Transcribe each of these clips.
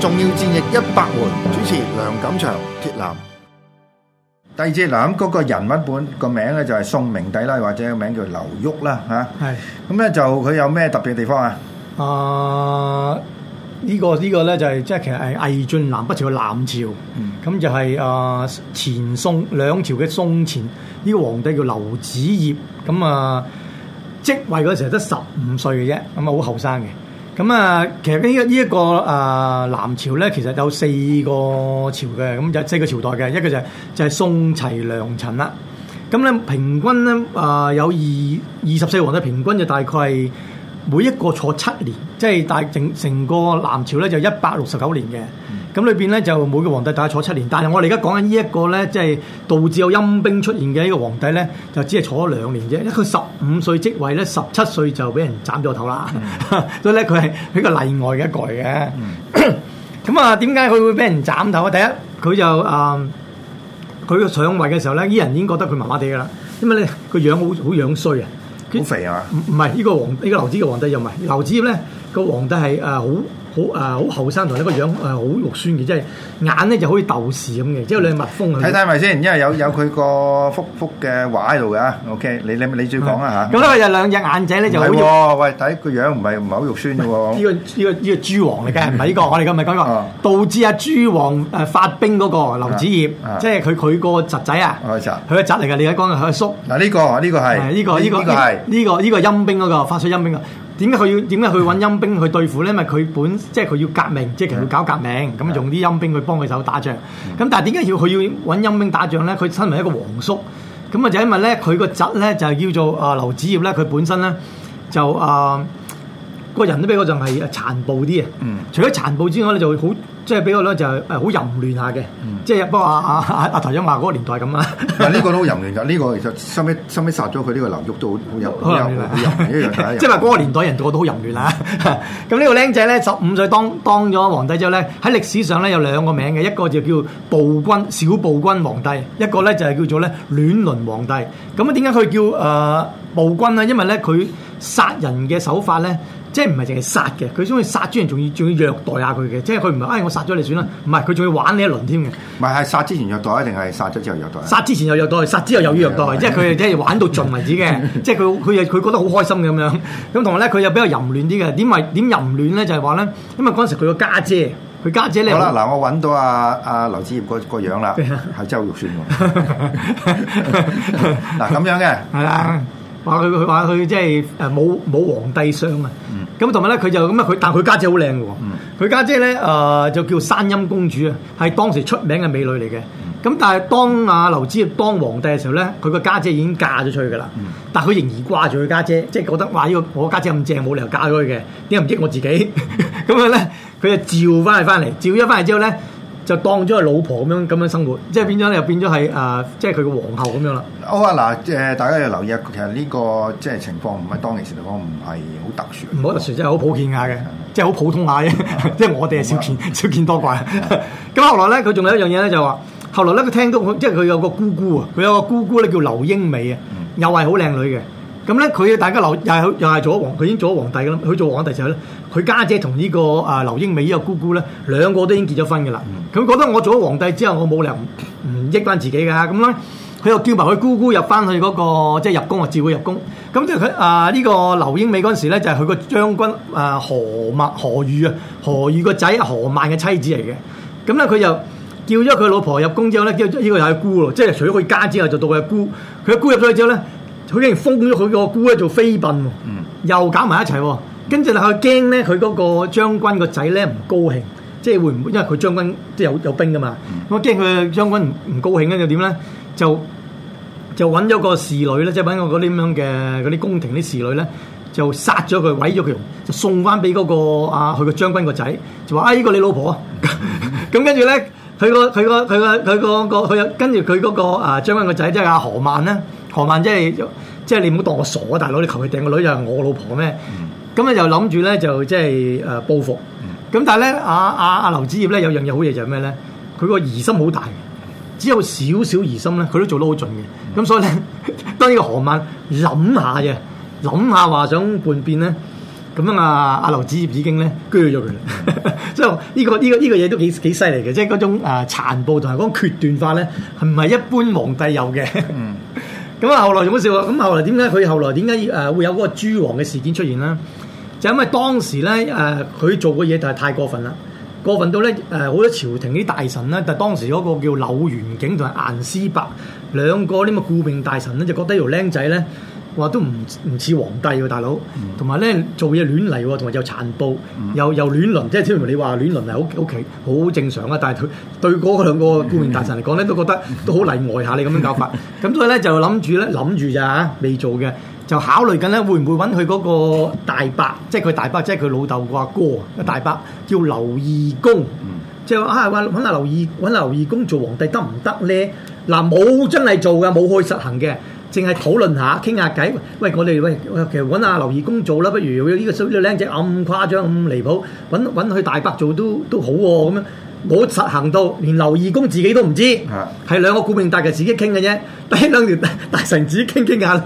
重要戰役一百回，主持梁錦祥鐵男。第二節，嗰個人物本個名咧就係宋明帝啦，或者個名叫劉彧啦吓。係咁咧就佢有咩特別地方啊？誒、呃、呢、這個呢、這個咧就係即係其實係魏晉南北朝嘅南朝，咁、嗯、就係、是、誒、呃、前宋兩朝嘅宋前呢、這個皇帝叫劉子業，咁啊即位嗰時得十五歲嘅啫，咁啊好後生嘅。咁啊，其實呢一呢一個啊南朝咧，其實有四個朝嘅，咁有四個朝代嘅，一個就係就係宋齊梁陳啦。咁咧平均咧啊，有二二十四皇帝，平均就大概係每一個坐七年，即係大整成個南朝咧就一百六十九年嘅。咁裏邊咧就每個皇帝大概坐七年，但係我哋而家講緊呢一個咧，即、就、係、是、導致有陰兵出現嘅呢個皇帝咧，就只係坐咗兩年啫。因為佢十五歲即位咧，十七歲就俾人斬咗頭啦。嗯、 所以咧佢係比較例外嘅一個嚟嘅。咁、嗯、 啊，點解佢會俾人斬頭啊？第一，佢就誒，佢、呃、個上位嘅時候咧，呢人已經覺得佢麻麻地噶啦，因為咧佢樣好好樣衰啊，好肥啊不是。唔唔係呢個皇呢、這個劉子嘅皇帝又唔係劉子業咧、那個皇帝係誒好。呃好啊！好後生同埋個樣誒，好肉酸嘅，即係眼咧就好似豆豉咁嘅，即係兩蜜蜂。睇睇咪先？因為有有佢個幅幅嘅畫喺度嘅 OK，你你你再講啦嚇。咁啊，就兩隻眼仔咧就好。係喎，喂，睇個樣唔係唔係好肉酸嘅喎。呢個呢個呢個豬王嚟嘅唔係呢個？我哋今咪講個，導致阿豬王誒發兵嗰個劉子業，即係佢佢個侄仔啊。佢個侄，佢個侄嚟㗎。你家講佢阿叔。嗱呢個呢個係。呢個呢個係。呢個呢個陰兵嗰個發出陰兵啊。點解佢要點解去揾陰兵去對付咧？因為佢本即係佢要革命，即係佢搞革命，咁用啲陰兵去幫佢手打仗。咁但係點解要佢要揾陰兵打仗咧？佢身為一個皇叔，咁啊就因為咧佢個侄咧就係叫做啊劉子業咧，佢本身咧就啊、呃、個人都比較就係殘暴啲嘅。嗯，除咗殘暴之外咧，就會好。即係比較咧，就誒好淫亂下嘅，即係不過阿阿阿阿頭先話嗰個年代咁啦，嗱，呢個都好淫亂㗎，呢個其實收尾收尾殺咗佢，呢個劉彧都好淫，好淫，即係話嗰個年代人都很 這個都好淫亂啊！咁呢個僆仔咧，十五歲當當咗皇帝之後咧，喺歷史上咧有兩個名嘅，一個就叫暴君、小暴君皇帝，一個咧就係叫做咧亂倫皇帝。咁啊，點解佢叫誒暴君咧？因為咧佢殺人嘅手法咧。即係唔係淨係殺嘅，佢中意殺之前仲要仲要虐待下佢嘅，即係佢唔係哎我殺咗你算啦，唔係佢仲要玩你一輪添嘅。唔係係殺之前虐待，定係殺咗之後虐待？殺之前又虐待，殺之後又要虐待，即係佢即係玩到盡為止嘅。即係佢佢佢覺得好開心咁樣。咁同埋咧，佢又比較淫亂啲嘅。點為點淫亂咧？就係話咧，因為嗰陣時佢個家姐，佢家姐咧。好啦，嗱我揾到阿阿劉子業個個樣啦，係真肉酸喎。嗱咁樣嘅，係啦。話佢佢話佢即係誒冇冇皇帝相啊，咁同埋咧佢就咁啊佢但佢家姐好靚嘅喎，佢家、嗯、姐咧誒、呃、就叫山陰公主啊，係當時出名嘅美女嚟嘅，咁、嗯、但係當啊劉子業當皇帝嘅時候咧，佢個家姐已經嫁咗出去噶啦，嗯、但係佢仍然掛住佢家姐，即、就、係、是、覺得話呢、這個我家姐咁正，冇理由嫁咗佢嘅，點解唔激我自己？咁啊咧，佢就召翻佢翻嚟，召咗翻嚟之後咧，就當咗係老婆咁樣咁樣生活，即係變咗又變咗係誒，即係佢嘅皇后咁樣啦。好啊，嗱即誒，大家要留意啊，其實呢、呢個即係情況唔係當其時嚟講，唔係好特殊。唔好特殊，即係好普遍下嘅，對即係好普通下嘅，對 即係我哋係少見對少見多怪。咁對 後來咧，佢仲有一樣嘢咧，就係話後來咧，佢聽到即係佢有個姑姑啊，佢有個姑姑咧叫劉英美啊，嗯、又係好靚女嘅。咁咧，佢大家劉又又係做咗皇，佢已經做咗皇帝啦。佢做皇帝之後咧，佢家姐同呢、這個啊劉英美呢個姑姑咧，兩個都已經結咗婚嘅啦。咁、嗯、覺得我做咗皇帝之後，我冇理由唔益翻自己嘅。咁咧，佢又叫埋佢姑姑入翻去嗰、那個，即、就、係、是、入宮啊，召佢入宮。咁即係佢啊呢個劉英美嗰陣時咧，就係佢個將軍啊何曼何，何宇啊何宇個仔何曼嘅妻子嚟嘅。咁咧，佢又叫咗佢老婆入宮之後咧，叫咗呢個又係姑喎，即係除咗佢家之後，就到佢阿姑。佢阿姑入咗去之後咧。佢竟然封咗佢個姑咧做妃嬪，又搞埋一齊。跟住咧，佢驚咧，佢嗰個將軍個仔咧唔高興，即係會唔會？因為佢將軍都即係有有兵噶嘛。咁啊驚佢將軍唔唔高興跟住點咧？就就揾咗個侍女咧，即係揾個嗰啲咁樣嘅嗰啲宮廷啲侍女咧，就殺咗佢，毀咗佢，就送翻俾嗰個啊，佢個將軍個仔，就話：哎，呢個你老婆啊！咁跟住咧，佢個佢個佢個佢個個佢跟住佢嗰個啊將軍個仔即係阿何曼咧。何曼，即係，即係你唔好當我傻、啊、大佬！你求佢掟個女又係我老婆咩？咁咧、嗯、就諗住咧就即係誒報復。咁、嗯、但係咧阿阿阿劉子業咧有一樣嘢好嘢，就係咩咧？佢個疑心好大，只有少少疑心咧，佢都做得好盡嘅。咁、嗯、所以咧，當呢個何曼諗下嘅諗下話想叛變咧，咁樣阿阿劉子業已經咧鋸咗佢啦。即係呢個呢、這個呢、這個嘢都幾幾犀利嘅，即係嗰種誒殘暴，同埋嗰決斷化咧，係唔係一般皇帝有嘅？嗯咁後來仲好笑啊！咁後來點解佢後來點解會有嗰個豬王嘅事件出現呢？就是、因為當時呢，佢做嘅嘢就係太過分啦，過分到呢，好多朝廷啲大臣呢，但當時嗰個叫柳元景同埋顏師伯兩個呢個顧命大臣呢，就覺得條僆仔呢。話都唔唔似皇帝喎、啊，大佬，同埋咧，做嘢亂嚟喎，同埋又殘暴，又又亂倫，即係聽完你話亂倫嚟屋屋企，好正常啊！但係對對嗰個兩個官員大臣嚟講咧，都覺得都好例外下你咁樣的搞法，咁所以咧就諗住咧諗住咋，未做嘅就考慮緊咧會唔會揾佢嗰個大伯，即係佢大伯，即係佢老豆個阿哥，哥的大伯叫劉義恭，即係話啊揾揾下劉義揾下劉義恭做皇帝得唔得咧？嗱，冇、啊、真係做嘅，冇去實行嘅。淨係討論下傾下偈，喂我哋喂其實揾下劉義恭做啦，不如呢、呢個少啲靚仔咁誇張咁離譜，揾揾佢大伯做都都好喎、啊、咁樣。冇實行到連劉義恭自己都唔知，係的兩個顧命大嘅自己傾嘅啫，得兩條大臣子傾傾下，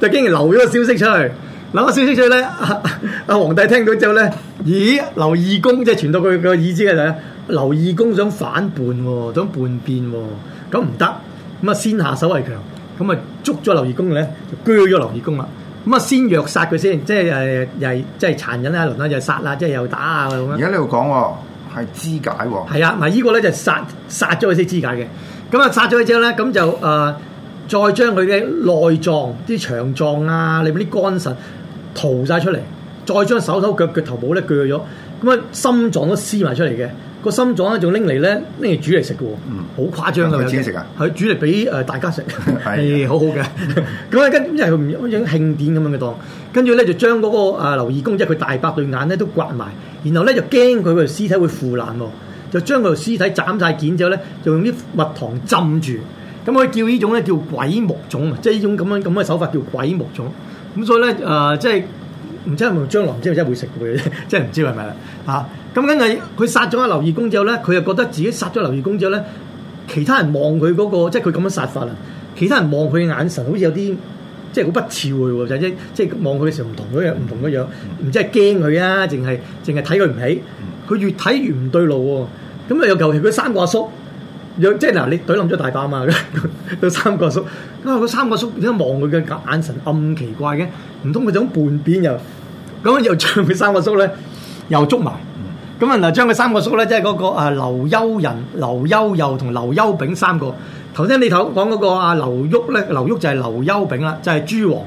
就竟然留咗個消息出去。留個消息出去咧，阿、啊啊啊啊、皇帝聽到之後咧，咦，劉義恭即係傳到佢個耳知嘅，就劉義恭想反叛哦，想叛變哦，咁唔得。叛叛哦、先下手為強咁啊，捉咗劉義恭咧，就鋸咗劉義恭啦。咁啊，先虐殺佢先，即係又又即係殘忍啦，又啦，就殺啦，即係又打啊咁樣。而家你度講喎，係肢解喎。係啊，埋、這、呢個咧就殺殺咗佢先肢解嘅。咁啊，殺咗佢之後咧，咁就誒、呃、再將佢嘅內臟、啲腸臟啊，裏邊啲肝腎逃晒出嚟，再將手手腳腳頭部咧鋸咗，咁啊心臟都撕埋出嚟嘅。個心臟咧，仲拎嚟咧，拎嚟、啊、煮嚟食嘅喎，好誇張嘅。有自己食噶？係煮嚟俾誒大家食，係好好嘅。咁咧跟，即係佢唔一慶典咁樣嘅檔。跟住咧就將嗰個啊劉義恭，即係佢大伯對眼咧都刮埋，然後咧就驚佢個屍體會腐爛，就將佢個屍體斬曬件之後咧，就用啲蜜糖浸住。咁佢叫呢種咧叫鬼目粽啊，即係呢種咁樣咁嘅手法叫鬼目粽。咁所以咧，誒、呃、即係。唔知係咪將來唔知道真係會食嘅，啫，即係唔知係咪啦嚇。咁梗係佢殺咗阿劉義公之後咧，佢又覺得自己殺咗劉義公之後咧，其他人望佢嗰個即係佢咁樣殺法啊，其他人望佢嘅眼神好似有啲即係好不潮喎，就即即係望佢嘅時候唔同嗰樣唔同嗰樣，唔知係驚佢啊，淨係淨係睇佢唔起，佢越睇越唔對路喎。咁啊又尤其佢三個阿叔。即係嗱，你懟冧咗大把嘛，個 三個叔，因三個叔點解望佢嘅眼神咁奇怪嘅？唔通佢想叛變又？咁又將佢三個叔咧又捉埋，咁啊嗱，將佢三個叔咧即係嗰個啊劉休仁、劉休佑同劉休炳三個。頭先你頭講嗰個啊劉彧咧，劉彧就係劉休炳啦，就係、是、豬王。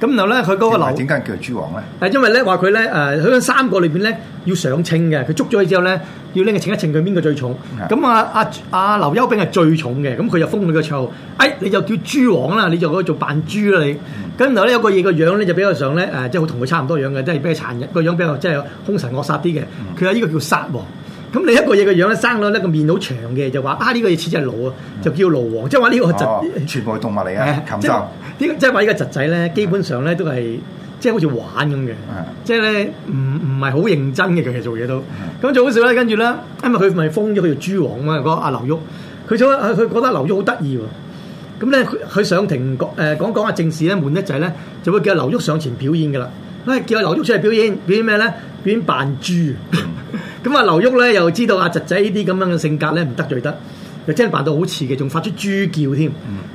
咁然後咧，佢嗰個樓點解叫豬王咩？但因為咧話佢咧誒，佢嗰、呃、三個裏邊咧要上稱嘅，佢捉咗佢之後咧要拎佢稱一稱佢邊個最重。咁啊啊啊，劉、啊、優兵係最重嘅，咁佢就封佢個稱，哎，你就叫豬王啦，你就嗰做扮豬啦你。嗯、然後咧有個嘢個樣咧就比較上咧誒、呃，即係好同佢差唔多樣嘅，即係比較殘忍，個樣比較即係兇神惡煞啲嘅。佢話呢個叫殺王。咁另一個嘢個樣咧生咗呢個面好長嘅，就話啊呢、這個嘢似只係老啊，就叫老王。嗯、即係話呢個、哦、就全部係動物嚟嘅禽獸。啊住啲即係話呢個侄仔咧，基本上咧都係即係好似玩咁嘅，即係咧唔唔係好認真嘅。其實做嘢都咁就好少啦。跟住咧，因為佢咪封咗佢做豬王嘛。個、啊、阿劉彧，佢咗佢佢覺得劉彧好得意喎。咁咧佢上庭、呃、講誒講講下政事咧，悶得滯咧，就會叫阿劉彧上前表演嘅啦。喂，叫阿劉彧出嚟表演表演咩咧？表演扮豬。咁 啊劉彧呢，劉彧咧又知道阿、啊、侄仔呢啲咁樣嘅性格咧，唔得罪得。就真係扮到好似嘅，仲發出豬叫添。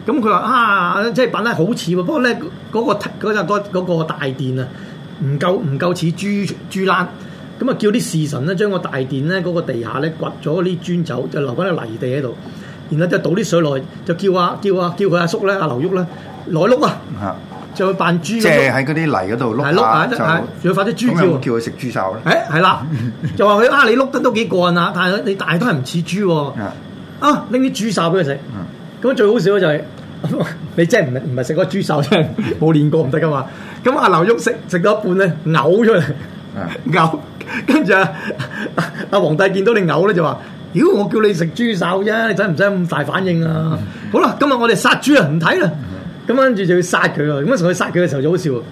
咁佢話啊，即係扮得好似喎。不過咧，嗰、嗰個嗰個大殿啊，唔夠唔夠似豬豬欄。咁啊，叫啲侍臣咧將個大殿咧嗰個地下咧掘咗啲磚走，就留翻啲泥地喺度。然後就倒啲水落，就叫啊叫啊叫佢阿叔咧阿、啊、劉彧咧來碌啊，就去扮豬。即係喺嗰啲泥嗰度碌仲要發出豬叫豬，叫佢食豬潲咧。誒，係啦，就話佢啊，你碌得都幾幹啊，但係你大都係唔似豬喎。嗯啊啊！拎啲豬手俾佢食，咁、嗯、最好笑嘅就係、是、你真唔係唔係食嗰豬手真係，冇練過唔得㗎嘛。咁阿、嗯啊、劉彧食食到一半咧，嘔出嚟，嗯、嘔。跟住阿阿皇帝見到你嘔咧，就話：妖，我叫你食豬手啫，你使唔使咁大反應啊？嗯嗯、好啦，今日我哋殺豬啊，唔睇啦。咁跟住就要殺佢喎。咁啊，佢殺佢嘅時候就好笑。咁、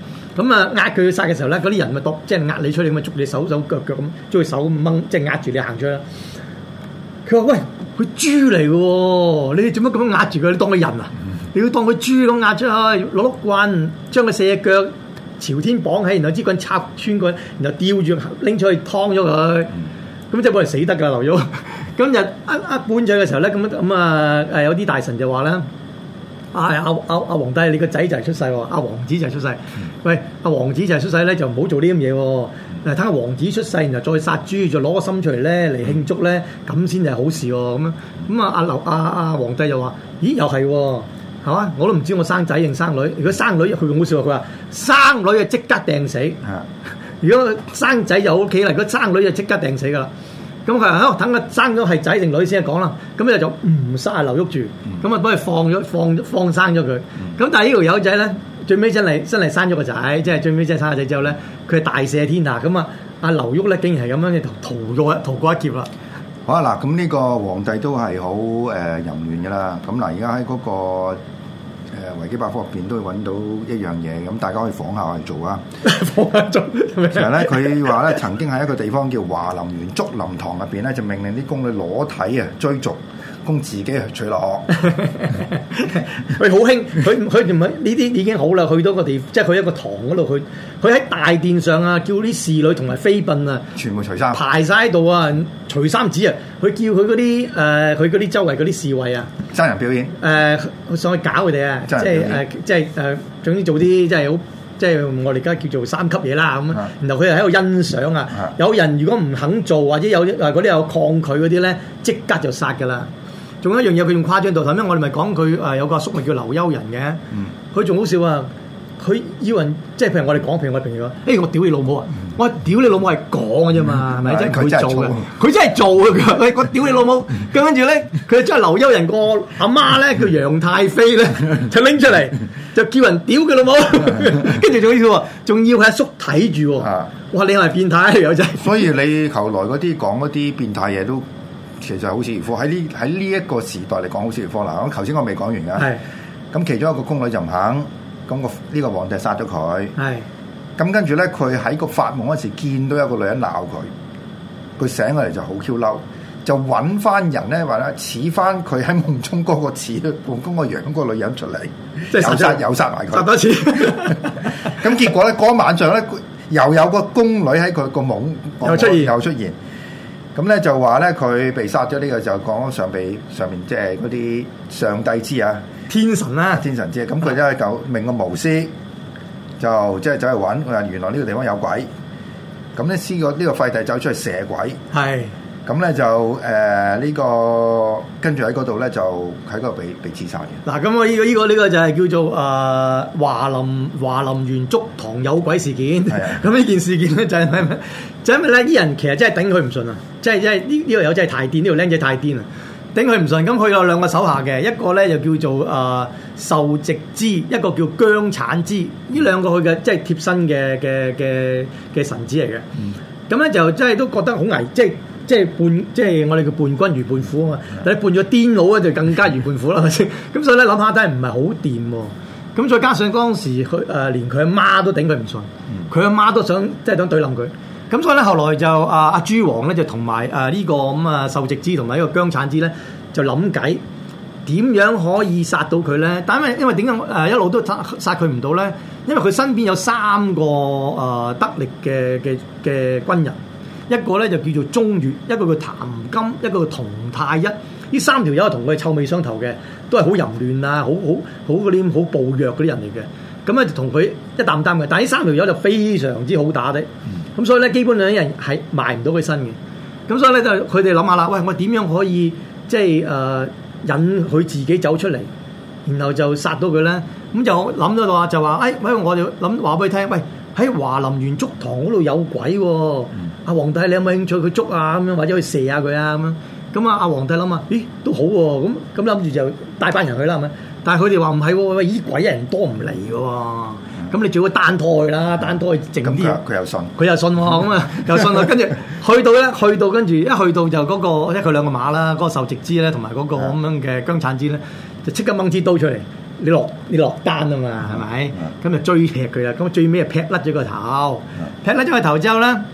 嗯、啊，壓佢要殺嘅時候咧，嗰啲人咪剁，即係壓你出嚟，咪捉你手手腳腳咁，捉佢手掹，即係壓住你行出去。佢話：喂，佢豬嚟嘅喎，你做乜咁樣壓住佢？你當佢人啊？你要當佢豬咁壓出去，攞碌棍將佢四隻腳朝天綁起，然後支棍插穿佢，然後吊住拎出去劏咗佢。咁即係冇人死得㗎啦，劉彧。今日啊啊，搬走嘅時候咧，咁咁啊誒，有啲大臣就話咧：阿阿阿皇帝，你個仔就係出世喎，阿、啊、王子就係出世。喂，阿、啊、王子就係出世咧，就唔好做呢咁嘢喎。等阿王子出世，然後再殺豬，再攞個心出嚟咧嚟慶祝咧，咁先係好事喎。咁樣咁啊，阿劉阿阿、啊、皇帝又話：咦，又係喎，哦，嘛？我都唔知我生仔定生女。如果生女，佢好笑喎。佢話生女啊，即刻掟死。是的 如果生仔又好企啦。如果生女就即刻掟死噶啦。咁佢話：等個生咗係仔定女先講啦。咁你就唔殺阿劉喐住，咁啊幫佢放咗放放生咗佢。咁但係呢條友仔咧。最尾真係真係生咗個仔，即係最尾真係生咗仔之後咧，佢大赦天下咁啊！阿劉彧咧，竟然係咁樣逃咗逃過一劫啦！好啊，嗱，咁呢個皇帝都係好誒淫亂噶啦。咁嗱，而家喺嗰個誒維基百科入邊都揾到一樣嘢，咁大家可以仿下嚟做啊！仿下做，其實咧佢話咧曾經喺一個地方叫華林園竹林堂入邊咧，就命令啲宮女裸體啊追逐。供自己去取樂， 佢好興，佢佢唔係呢啲已經好啦。去到個地，即係佢一個堂嗰度，去佢喺大殿上啊，叫啲侍女同埋妃嬪啊，全部除衫，排晒喺度啊，除衫子啊，佢叫佢嗰啲誒，佢嗰啲周圍嗰啲侍衛啊，生人表演誒，呃、上去搞佢哋啊，即係誒，即係誒，總之做啲即係好，即係我哋而家叫做三級嘢啦咁啊。是的 然後佢又喺度欣賞啊，是的 有人如果唔肯做或者有啲有抗拒嗰啲咧，即刻就殺㗎啦。仲有一樣嘢，佢用誇張到，頭先我哋咪講佢誒有個阿叔咪叫劉休仁嘅，佢仲好笑啊！佢以為即係譬如我哋講，譬如我哋平時講，哎，我屌你老母啊！我屌你老母係講嘅啫嘛，係咪先？佢做嘅，佢真係做嘅。佢我屌你老母，跟住咧，佢真係劉休仁個阿媽咧叫楊太妃咧，就拎出嚟就叫人屌佢老母，跟住仲好笑仲要佢阿叔睇住，哇！你係變態友仔。所以你求來嗰啲講嗰啲變態嘢都。其實係好似如貨喺呢喺呢一個時代嚟講好似如貨啦。咁頭先我未講完噶，咁是其中一個宮女就唔肯，咁、個呢個皇帝殺咗佢。咁是跟住咧，佢喺個發夢嗰時見到一個女人鬧佢，佢醒咗嚟就好 Q 嬲，就揾翻人咧話啦，似翻佢喺夢中嗰個似王宮個樣嗰個女人出嚟，即係又殺在又殺埋佢，咁在 結果咧嗰、嗰個、晚上咧又有個宮女喺佢個夢又出現又出現。咁咧就話咧佢被殺咗呢，這個就講上被上面即係嗰啲上帝知啊，天神啦、啊、天神知，咁佢真係救命個巫師就即係、就是、走去揾佢話原來呢個地方有鬼，咁咧先個呢個廢帝走出去射鬼咁咧就誒呢、呃這個跟住喺嗰度咧就喺嗰度被被刺殺嘅、這個。嗱咁我依個依呢個就係叫做誒、呃、華林華林園竹堂有鬼事件。係啊，咁呢件事件咧就係、是、咩、嗯、就因為咧啲人其實、就是這個、人真係頂佢唔順啊！即係即係呢呢個友真係太癲，呢個僆仔太癲啊，頂佢唔順，咁佢有兩個手下嘅，一個咧就叫做誒壽寂之，一個叫姜產之。呢兩個佢嘅即係貼身嘅嘅嘅嘅神子嚟嘅。咁咧、嗯、就真係、就是、都覺得好危即。就是即係伴，即係我哋嘅伴君如伴虎啊嘛！嗯、但係伴咗癲佬咧，就更加如伴虎啦，係咪先？咁所以咧，諗下真係唔係好掂喎！咁、啊、再加上當時佢誒、呃、連佢阿媽都頂佢唔順，佢阿媽都想即係想對冧佢。咁、嗯、所以咧，後來就阿阿豬王咧就同埋誒呢個咁啊壽寂之同埋呢個姜產之咧就諗計點樣可以殺到佢咧？但因因為點解誒一路都殺殺佢唔到咧？因為佢、呃、身邊有三個誒得、呃、力嘅嘅嘅軍人。一個咧就叫做宗越，一個叫譚金，一個叫童太一，呢三條友同佢臭味相投嘅，都係好淫亂啊，好好好嗰啲咁好暴虐嗰啲人嚟嘅。咁咧就同佢一擔擔嘅，但係呢三條友就非常之好打的。咁、嗯、所以咧，基本上兩人係埋唔到佢身嘅。咁所以咧，就佢哋諗下啦，喂，我點樣可以即係誒、呃、引佢自己走出嚟，然後就殺到佢咧？咁就諗咗話就話，誒、哎，不如我哋諗話俾佢聽，喂，喺華林園竹堂嗰度有鬼喎，哦，阿、嗯啊，皇帝你有冇興趣去捉啊？咁樣或者去射下佢啊？咁樣咁啊？阿皇帝諗下，咦都好喎，咁咁諗住就帶班人去啦咁樣。但係佢哋話唔係喎，咦，啊這樣人哦，這鬼人多唔嚟嘅喎，咁、嗯、你最好單拖啦，嗯、單拖整啲。咁佢佢又信，佢又信咁啊，啊又信啦，啊。 跟住去到咧，去到跟住一去到就嗰、那個，即係佢兩個馬啦，嗰、那個壽寂之咧，同埋嗰個咁樣嘅姜產之咧，就即刻掹支刀出嚟。你落你落單啊嘛，係咪？咁就追劈佢啦，咁最尾就劈甩咗個頭，劈甩咗個頭之後啦。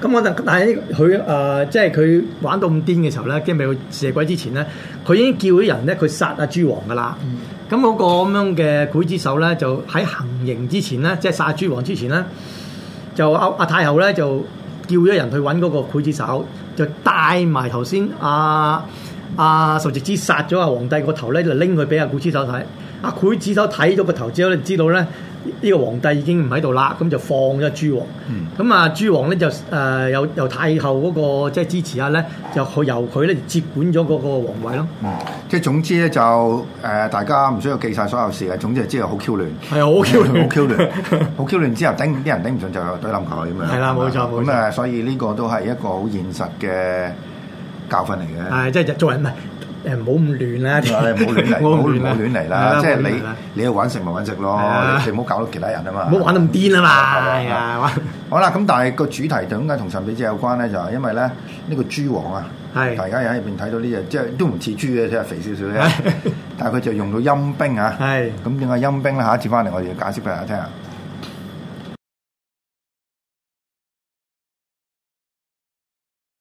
咁我就但係佢誒，即係佢玩到咁癲嘅時候咧，即係未去射鬼之前咧，佢已經叫咗人咧，佢殺阿豬王㗎喇。咁嗰個咁樣嘅劊子手咧，就喺行刑之前咧，即係殺阿豬王之前咧，就阿阿太后咧就叫咗人去揾嗰個劊子手，就帶埋頭先阿。啊阿、啊、仇直之殺咗阿皇帝個頭咧，就拎佢俾阿劊子手睇。阿、啊、劊子手睇咗個頭之後咧，知道咧呢、這個皇帝已經唔喺度啦，咁就放咗豬王。咁、嗯、啊，豬王咧就誒、呃、由由太后嗰、那個即係、就是、支持下咧，就去由佢咧接管咗嗰個皇位咯、嗯。即係總之咧就誒、呃、大家唔需要記晒所有事嘅，總之係知道好 Q 亂。係啊，好 Q 亂，好 Q 亂，好 Q 亂之後，頂啲人頂唔順就對冧佢啊嘛。係啦，冇錯冇錯。咁啊、呃，所以呢個都係一個好現實嘅。教訓嚟嘅，係即係做人唔係誒，唔好咁亂啦，唔好亂嚟，唔好亂，唔好亂嚟啦。即係你，你去揾食咪揾食咯，你唔好搞到其他人啊嘛。唔好玩咁癲啊嘛，係啊，好啦。咁但係個主題就點解同神秘字有關咧？就係因為咧呢個豬王啊，大家又喺入邊睇到呢隻，即係都唔似豬嘅，即係肥少少咧。但係佢就用到陰兵啊，咁點解陰兵咧？下一節翻嚟我哋要解釋俾大家聽啊。